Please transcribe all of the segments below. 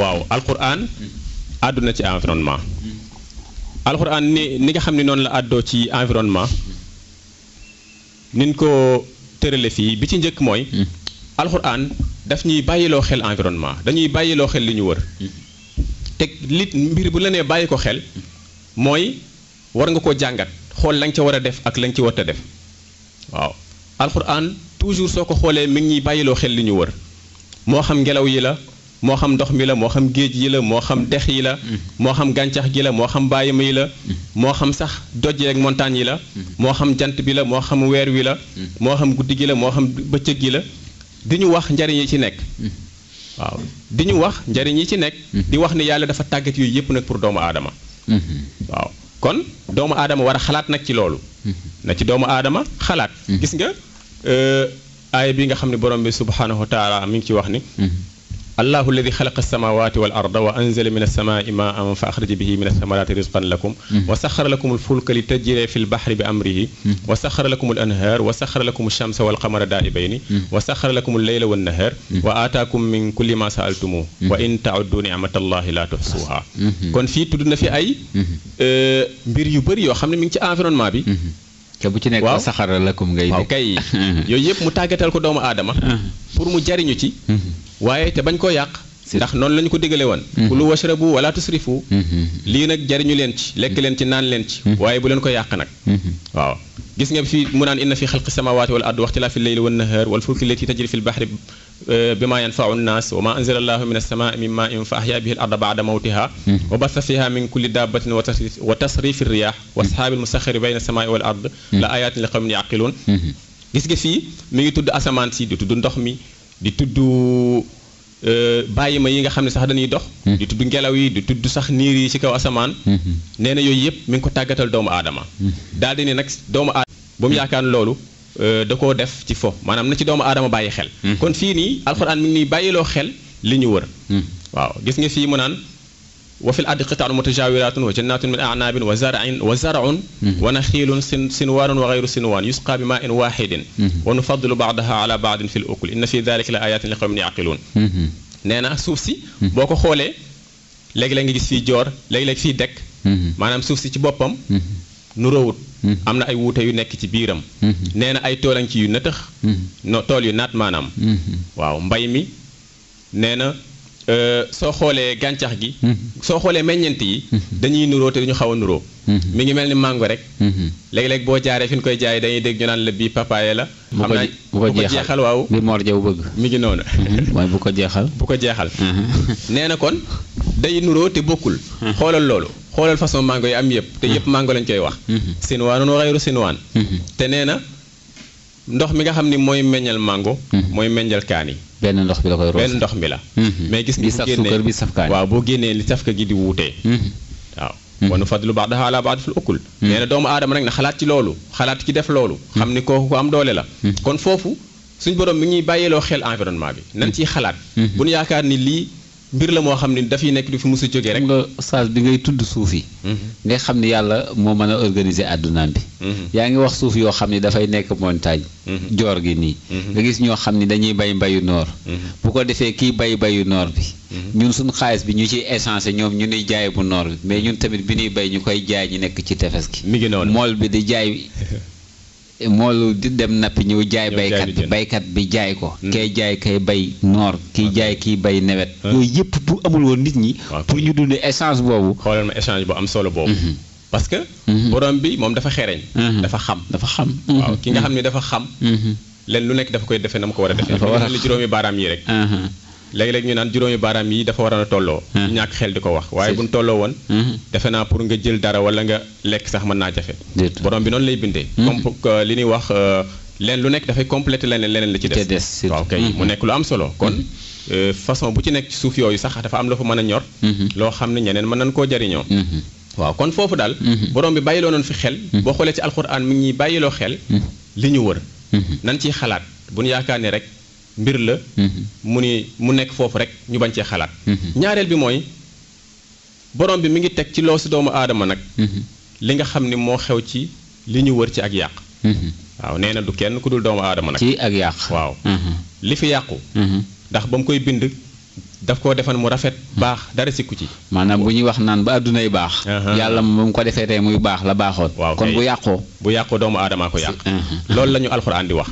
waaw alquran àdduna ci environnement alquran ni ni nga xam ne noonu la àddoo ci environnement nin ko tërale fii bi ci njëkk mooy hmm. alquran daf ñuy bàyyiloo xel environnement dañuy bàyyiloo xel li ñu wër hmm. teg lit mbir bu la nee bàyyi ko xel mooy war nga ko jàngat xool lañ ca war a def ak la nga ci war a def waaw alquran toujours soo ko xoolee mi ngi ñuy bàyyiloo xel li ñu wër moo xam ngelaw yi la moo xam ndox mi la moo xam géej yi la moo xam dex yi la moo xam gàncax gi la moo xam bàyyima yi la moo xam sax doj yeeg montagne yi la moo xam jant bi la moo xam weer wi la moo xam guddi gi la moo xam bëccëg gi la di ñu wax njariñ yi ci nekk waaw di wax njariñ yi ci nekk di wax ne yàlla dafa tàggat yooyu yëpp nag pour doomu aadama waaw kon doomu aadama war a xalaat nag ci loolu na ci doomu aadama xalaat gis nga aaya bi nga xam ne borom bi subhaanahu wa mi ngi ci wax ni allahu alladi xalaqa alsamawati wal arda wa anzala min alsamaai ma an fa axraja bihi min alsamarati risqan lakum mhm. wa saxara lakum alfulka li tajri fi lbaxri bi amrihi mhm. wa saxara lakum al anhaar wa saxara lakum alchamsa walqamara daaibayni mhm. wa saxara lakum alleyla wannahaar wa aataakum min kulli ma saaltumuh wa in tauddu nicmata allahi la tuxsuha kon fii tudd na fi ay euh, mbir yu bëri yoo xam ne mi ngi ci environnement bi te bu ci nekk wa saxara lakum ngay waaw kay yooyu yëpp mu tàggatal ko doomu aadama pour mu jariñu ci waaye te bañ koo yàq ndax noonu lañu ko digale woon mm-hmm. kulu washrabu wala tusrifu mm-hmm. lii nag jariñu leen ci lekk leen ci naan leen ci mm-hmm. waaye bu leen ko yàq nag waaw gis nga fii mu naan inna fi xalqi samawati wal ard waxtilaafi leyli wan nahaar wal fulki lati tajri fi l bahri euh, bima yanfau nnaas wa ma anzala allahu min alsamaai min main fa ahya bihi l arda bada mawtiha wa basa fiha min kulli dabbatin wa tasrifi riyah wa ashaabi lmusaxiri bayna alsamaai wal ard la ayatin li qawmin yaqiluun gis nga fii mi ngi tudd asamaan si di tudd ndox mi di tudd euh, bàyyi ma yi nga xam ne sax dañuy dox. Hmm. di tudd ngelaw yi di tudd sax niir yi ci kaw asamaan. Hmm. nee na yooyu yëpp mi ngi ko tàggatal doomu aadama. Hmm. daal di nag doomu aadama ba mu yaakaar loolu. Euh, da koo def ci fo maanaam na ci doomu aadama bàyyi xel. kon fii nii alxuraan mi ngi nii bàyyiloo xel li ñu wër. waaw gis nga fii mu naan. wa fil ardi qita'un mutajawiraatun wa jannatun min a'nabin wa zar'in wa zar'un mhm. wa nakhilun sinwanun wa ghayru sinwan yusqa bi ma'in wahidin mhm. wa nufaddilu ba'daha ala ba'din fil fi dhalika la ayatin li qawmin yaqilun mhm. nee na suuf si boo ko xoolee léegi-léeg nga gis fii joor léegi-léeg fii dekk maanaam suuf si ci boppam nu róowut am na ay wuute yu nekk ci biiram nee na ay toolañ ci yu nëtëx no tool yu naat maanaam waaw mbay mi nee Euh, soo xoolee gàncax gi. Hmm. soo xoolee meññeent yi. Hmm. dañuy nuroo te duñu xaw a nuróo. Hmm. mi ngi mel ni màngo rek. léeg-léeg boo jaaree fi ñu koy jaay dañuy dégg ñu naan la bii papaye la. bu ko bu ko jeexal waaw bi Mor Jaw bëgg. mi ngi noonu. waaye bu ko jeexal. bu ko jeexal. nee na kon day nuroo te bokkul. xoolal loolu xoolal façon mango yi am yëpp. te yëpp mango lañ koy wax. sinwaanun wa xayru sinwaan. te nee na ndox mi nga xam ni mooy meññal màngo mooy meññal kaani benn ndox bi la koy roose benn ndox mi la. Mhm. mais gis nga bu génnee waaw boo génnee li saf ka gi di wuutee. Mhm. waaw kon mhm. fadlu baax dafa ala baax daful okkul. nee na doomu aadama nag na xalaat ci loolu xalaat ci def loolu. xam ni kooku ko am doole la. kon foofu suñ borom bi ngi bàyyiloo xel environnement bi. nañ ciy xalaat. bu nu yaakaar ni lii. mbir la moo xam ne dafiy nekk du fi mos a jógee rek. nga oustaz bi ngay tudd suuf yi. Mhm. nga xam ne yàlla moo mën a organiser àddunaam bi. Mhm. yaa ngi wax suuf yoo xam ne dafay nekk montagne. Mhm. joor gi nii. nga gis ñoo xam ne dañuy bay mbayu noor. bu ko defee kiy bay bayu noor bi. ñun suñ xaalis bi ñu ciy essence ñoom ñu nuy jaay bu noor bi mais ñun tamit bi ñuy bay ñu koy jaay ñu nekk ci tefes gi. mi ngi noonu mool bi di jaay. moo di dem nappi ñëw jaay baykat bi baykat bi jaay ko hmm. kay jaay kay bay noor kiy hmm. jaay kiy bay nawet hmm. yooyu yëpp bu amul woon nit ñi pour ñu dund échange boobu xoolal ma échange bu am solo boobu parce que borom bi moom dafa xereñ dafa xam dafa xam waaw ki nga xam ne dafa xam leen lu nekk dafa koy defee na mu ko war a defee dafa war a li juróomi baaraam yi rek léegi-léegi ñu naan juróomi baaraam yi dafa waroon a tolloo ñàkk xel di ko wax waaye buñ tolloo woon defe naa pour nga jël dara wala nga lekk sax mën naa jafe borom bi noonu lay bindee comme euh, li ñuy wax euh, leen lu nekk dafay complété leneen leneen la ci des waaw mu nekk lu am solo kon euh, façon bu ci nekk ci suuf yooyu sax dafa am la fa mën a ñor loo xam ne ñeneen mën nañ koo jariñoo waaw kon foofu daal borom bi bàyyiloo noonu fi xel boo xoolee ci alxuraan mi ngi ñuy bàyyiloo xel li ñu wër nan ciy xalaat buñ yaakaar ni rek mbir la mm-hmm. mu ni mu nekk foofu rek ñu bañ cee xalaat mm-hmm. ñaareel bi mooy borom bi mu ngi teg ci loo si doomu aadama nag mm-hmm. li nga xam ni moo xew ci li ñu wër ci ak yàq waaw nee na du kenn ku dul doomu aadama nag ci ak yàq waaw li fi yàqu ndax ba mu koy bind daf koo defan mu rafet baax dara sikku ci maanaam bu ñuy wax naan ba àddunay baax uh-huh. yàlla ba mu ko defee tey muy baax la baaxoon kon bu yàqoo bu yàqoo doomu aadamaa ko yàq uh-huh. loolu lañu ñu alxuraan di wax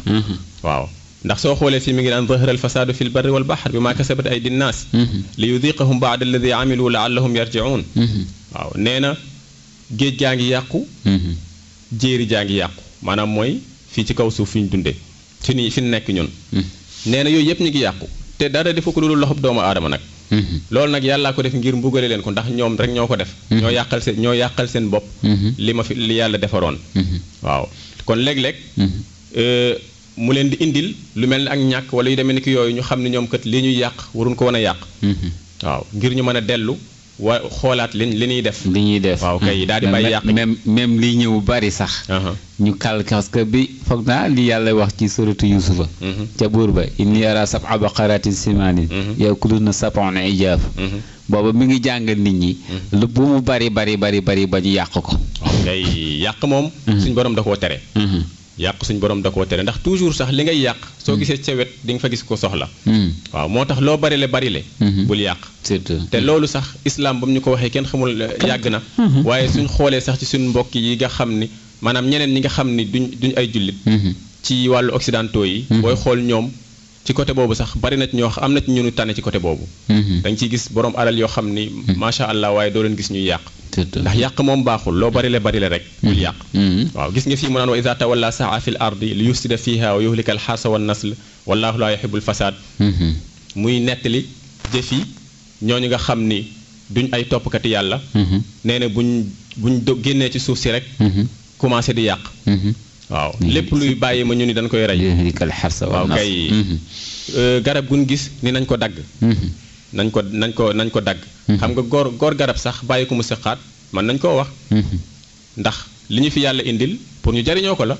waaw ndax soo xoolee si mi ngi naan zahara al fasaadu fi l barri wal baxar bi maa kasabat aydi nnaas mhm. li yudiqahum baada alladi amilu laallahum yarjiun mhm. waaw nee na géej gaa ngi yàqu mhm. jéeri jaa ngi yàqu maanaam mooy fii ci kaw suuf fi ñu dundee fi ni fi nekk ñun nee na yooyu yëpp ñu ngi yàqu te dara defu ko dul loxob doomu aadama nag loolu nag yàllaa ko def ngir mbugale leen ko ndax ñoom rek ñoo ko def ñoo yàqal seen ñoo yàqal seen bopp li ma fi li yàlla defaroon waaw kon léeg mu leen di indil lu mel ni ak ñàkk wala yu demee na ki yooyu ñu xam ne ñoom kat li ñuy yàq waruñ ko wan a yàq mhm. waaw ngir ñu mën a dellu wa xoolaat li li ñuy def li ñuy def waaw kay daal di bàyyi yàq même même li ñëw bari sax uh-huh. ñu kal parce que bi foog naa li yàlla wax ci suratu yusufa mhm. ca buur ba inni ara sab'a baqaratin na mhm. yakuluna sab'an ijaaf booba mi ngi jàngal nit ñi lu bu mu bari bari bari bari ba ñu yàq ko waaw yàq moom suñ borom da koo tere yàq suñ borom da koo tere ndax toujours sax li ngay yàq. soo hmm. gisee ca wet di nga fa gis ko soxla. Hmm. waaw moo tax loo bari le bari le hmm. bul yàq. surtout te loolu sax islam ba mu ñu ko waxee kenn xamul euh, yàgg na. waaye suñ xoolee sax ci suñu mbokk yi nga xam ni maanaam ñeneen ñi nga xam ni duñ duñu ay jullit. ci wàllu occidentaux yi. booy xool ñoom. ci côté boobu sax barina ci ñoo am na ci ñunu tane ci côté boobu mhm. dañ ciy gis borom alal yoo xam ni mhm. macha allah waaye doo leen gis ñuy yàq ndax yàq moom baaxul loo bari le bari le rek mhm. bul yàq waaw gis nga fi mu naan wa ida tawalla saa fi l ardi li yufsida fiha wa yuhlika al xaasa wa nasl wallahu laa yuhibbul fasaad muy nettali jëf yi ñooñu nga xam ni duñ ay toppkati yàlla nee na buñ buñ génnee ci suuf si rek commencé di yàq waaw lépp luy bàyyi ma ñu ni dañ koy rey waaw kay mm-hmm. euh, garab gun gis ni nañ ko dagg mm-hmm. nañ ko nañ ko nañ ko dagg mm-hmm. xam nga góor góor garab sax bàyyi ko mu sëqaat man nañ koo wax ndax li ñu fi yàlla indil pour ñu jariñoo ko la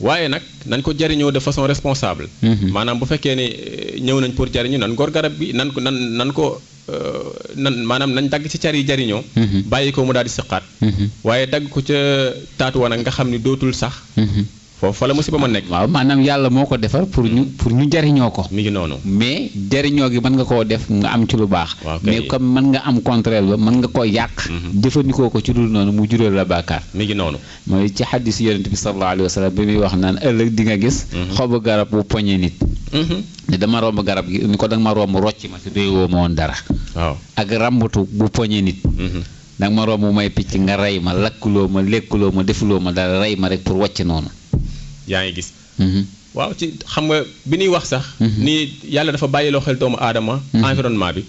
waaye nag nañ ko jariñoo de façon responsable maanaam bu fekkee ne euh, ñëw nañ pour jariñu nan góor garab bi nan ko nan nan ko Euh, nan maanaam nañ dagg ci car yi jariñoo mm-hmm. bàyyi ko mu daal di sëqaat mm-hmm. waaye dagg ko ca taatu wanag nga xam ni dootul sax mm-hmm. foofu fa la musiba ma nekk. waaw maanaam yàlla moo ko defar pour ñu pour ñu jariñoo ko. mi ngi noonu mais jariñoo gi mën nga koo def nga am ci lu baax. mais comme man nga am contraire ba mën nga koo yàq. Mhm. jëfandikoo ko ci lu noonu mu jural la bàkkaar. mi ngi noonu. mooy ci xaddis yonent bi sallallahu alayhi wa sallam bi muy wax naan ëllëg di gis. Mhm. xobu garab bu poñe nit. Mhm. ne dama romb garab gi ni ko danga ma romb rocc ma si doy woo ma woon dara. waaw ak rambatu bu poñe nit. danga ma romb may picc nga rey ma lakkuloo ma lekkuloo ma defuloo ma dara rey ma rek pour wàcc noonu yaa ngi gis. Mm-hmm. waaw ci xam nga bi nuy wax sax. Mm-hmm. ni yàlla dafa bàyyi loo xel doomu aadama. Mm-hmm. environnement bi.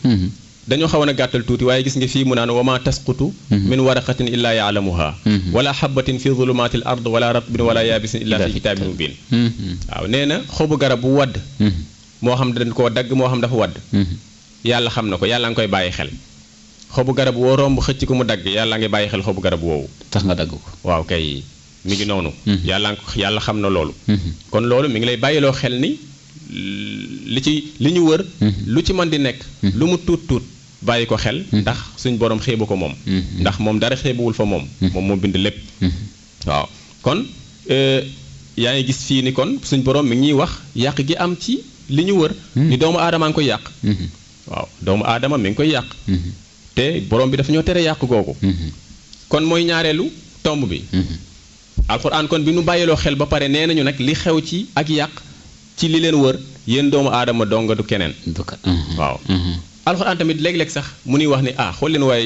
dañoo xaw a gàttal tuuti waaye gis nga fii mu naan wa maa tasqutu min waraqatin illaa yaalamuha wala xabatin fi zulumaati l ard wala ratbin wala yaabisin illaa fi kitaabin mubin waaw nee na xobu garab bu wadd moo xam dañ koo dagg moo xam dafa wadd yàlla xam na ko yàlla nga koy bàyyi xel xobu garab woo romb xëcc ko mu dagg yàlla ngay bàyyi xel xobu garab woowu tax nga dagg mi ngi noonu. Mhm. yàlla yàlla xam na loolu. Mhm. kon loolu mu ngi lay bàyyiloo xel ni li ci li ñu wër. Mhm. lu ci man di nekk. lu mu tuut tuut. bàyyi ko xel ndax suñ boroom xeebu ko moom ndax moom dara xeebuwul fa moom moom moo bind lépp waaw kon euh, yaa ngi gis fii ni kon suñ boroom mi ngi ñuy wax yàq gi am ci li ñu wër ni doomu aadama ngi koy yàq waaw doomu aadama mi ngi koy yàq te borom bi dafa ñoo tere yàq googu kon mooy ñaareelu tomb bi alquran kon bi nu bàyyiloo xel ba pare nee nañu nag li xew ci ak yàq ci li leen wër yéen doomu aadama donga du keneen mhm. waaw mhm. alxuraan tamit léeg-léeg sax mu nuy wax ni ah xool leen waaye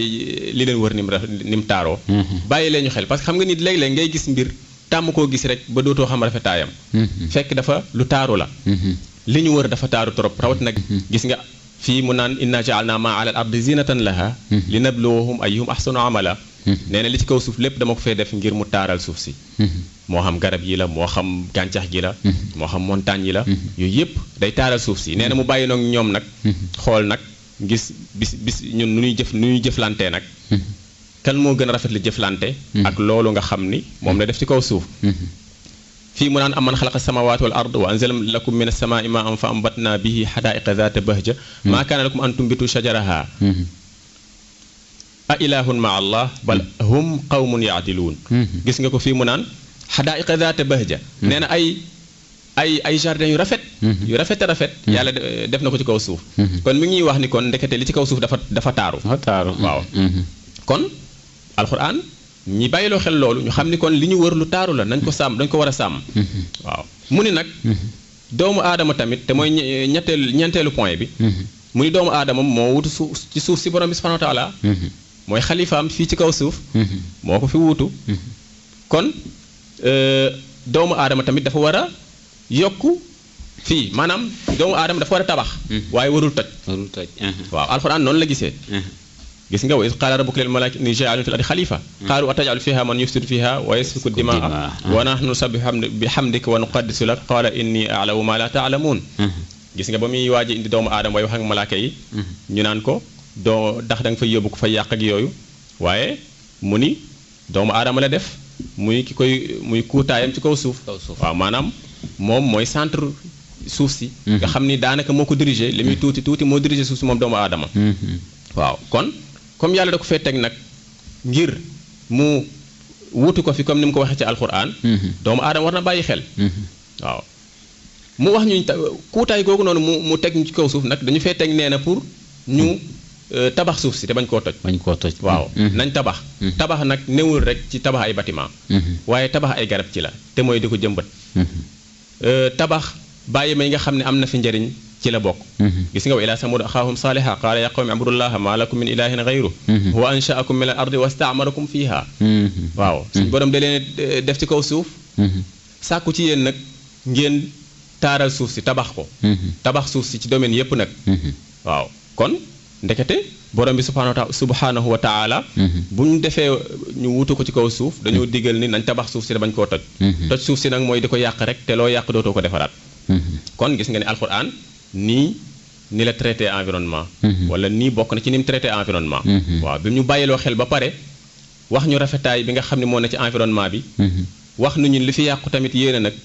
li leen wër ni mu ni mu taaroo mhm. bàyyi leen ñu xel parce que xam nga nit léeg-léeg ngay gis mbir tàmm koo gis rek ba dootoo xam rafetaayam fekk dafa lu taaru la li ñu wër dafa taaru trop rawat nag gis nga fii mu naan inna jaalna maa ala al ardi zinatan laha li nabluwahum ayyuhum ahsanu amala nee na li ci kaw suuf lépp dama ko fee def ngir mu taaral suuf si moo xam garab yi la moo xam gàncax gi la moo xam montagne yi la yooyu yëpp day taaral suuf si nee na mu bàyyi nag ñoom nag xool nag gis bis bis ñun nu ñuy jëf nu ñuy jëflantee nag kan moo gën a rafet li jëflante ak loolu nga xam ni moom la def ci kaw suuf fii mu naan amman xalaqa samawati wal ard wa anzala lakum min as-samaa'i maa'an fa am bihi bi zaata bahja maa kaana lakum an tumbitu shajaraha a ilahun ma allah bal hum qawmun yaadiluun hmm. gis nga ko fii mu naan xadaaiqa zaata bahja hmm. nee na ay ay ay jardin yu rafet hmm. yu rafet a rafet yàlla def na ko ci kaw suuf kon mi ngi wax ni kon ndekete li ci kaw suuf dafa dafa taaru waaw kon alxuraan ñi bàyyiloo xel loolu ñu xam ni kon li ñu wër lu taaru la nañ ko sàmm dañ ko war a sàmm waaw mu ni nag doomu aadama tamit te mooy ñetteelu ñenteelu point bi mu ni doomu aadama moo wutu suuf ci suuf si borom bi subhanahu mooy xalifa am fii ci kaw suuf. Mm-hmm. moo ko fi wuutu. Mm-hmm. kon euh, doomu aadama tamit dafa war a yokk fii maanaam doomu aadama dafa war tabax. Mm-hmm. waaye warul toj. warul toj waaw alxuraan noonu la gise gis nga wa iz qaala rabbuka lil malaa'ikati inni jaa'ilun fil ardi xalifa qaalu ataj'alu fiha man yufsidu fiha wa yasfiku dimaa wa nahnu nusabbihu ko wa nuqaddisu lak qaala inni a'lamu ma la ta'lamun gis nga ba muy waaj indi doomu aadama way wax ak malaaka ñu naan ko doo ndax da nga fay yóbbu ko fa yàq ak yooyu waaye mu ni doomu aadama la def muy ki koy muy kuutaayam ci kaw suuf. waaw maanaam moom mooy centre suuf si. Mhm. nga xam ni daanaka moo ko diriger li muy mhm. tuuti tuuti moo diriger suuf si moom doomu aadama. Mhm. waaw kon comme yàlla da ko fee teg nag ngir mu wutu ko fi comme ni mu ko waxee ci alxuraan. doomu aadama war na bàyyi xel. waaw mu wax ñu kuutaay googu noonu mu mu teg ci kaw suuf nag dañu fee teg nee na pour ñ Euh, tabax suuf si te bañ koo toj. bañ koo toj waaw. Mm-hmm. nañ tabax. Mm-hmm. tabax nag newul rek ci tabax ay bâtiment mm-hmm. waaye tabax ay garab ci la te mooy di ko jëmbat. Euh, tabax bàyyi ma nga xam ne am na fi njariñ ci la bokk. gis nga wa ilaa samuud axaahum saaliha qaala yaa qawmi abdullaha maa lakum min ilaahin gayru huwa anshaakum min al ardi wa staamarakum waaw suñ borom da leen e, def ci kaw suuf. sàkku ci yéen nag ngeen taaral suuf si tabax ko. tabax suuf si ci domaine yépp nag. waaw kon. ndekete borom bi subhaanahu wa taala mm-hmm. bu ñu defee ñu wutu ko ci kaw suuf dañoo diggal ni nañ tabax suuf si bañ koo mm-hmm. toj suuf si nag mooy di ko yàq rek te loo yàq dootoo ko defaraat mm-hmm. kon gis nga ne alxuraan nii ni la traité environnement wala nii bokk na ci ni mu traité environnement waaw bi ñu bàyyiloo xel ba pare wax ñu rafetaay bi nga xam ne moom na ci environnement bi wax nañu li fi yàqu tamit yéen a nag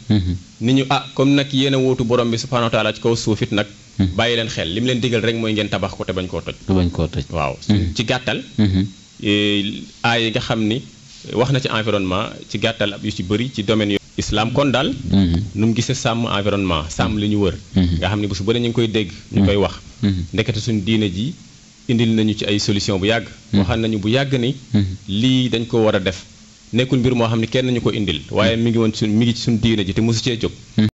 ni ñu ah comme nag yéen a wóotu borom bi subhaanahu wa ci kaw suufit nag Mhm. bàyyi leen xel li mu leen digal rek mooy ngeen tabax ko te bañ koo toj. koo toj waaw. Mhm. ci gàttal. Mhm. E, aay yi nga xam ni wax na ci environnement ci gàttal ab yu ci bëri ci domaine yooyu. islam kon daal. nu mu gisee sàmm environnement sàmm li ñu wër. nga xam ni bu su bëree ñu ngi koy dégg. ñu koy wax. ndekete suñu diine ji indil nañu ci ay solution bu yàgg. waxaan nañu bu yàgg ni. lii dañ ko war a def. nekkul mbir moo xam ne kenn ñu ko indil waaye mi ngi woon suñ mi ngi ci suñ diine ji te mosu cee jóg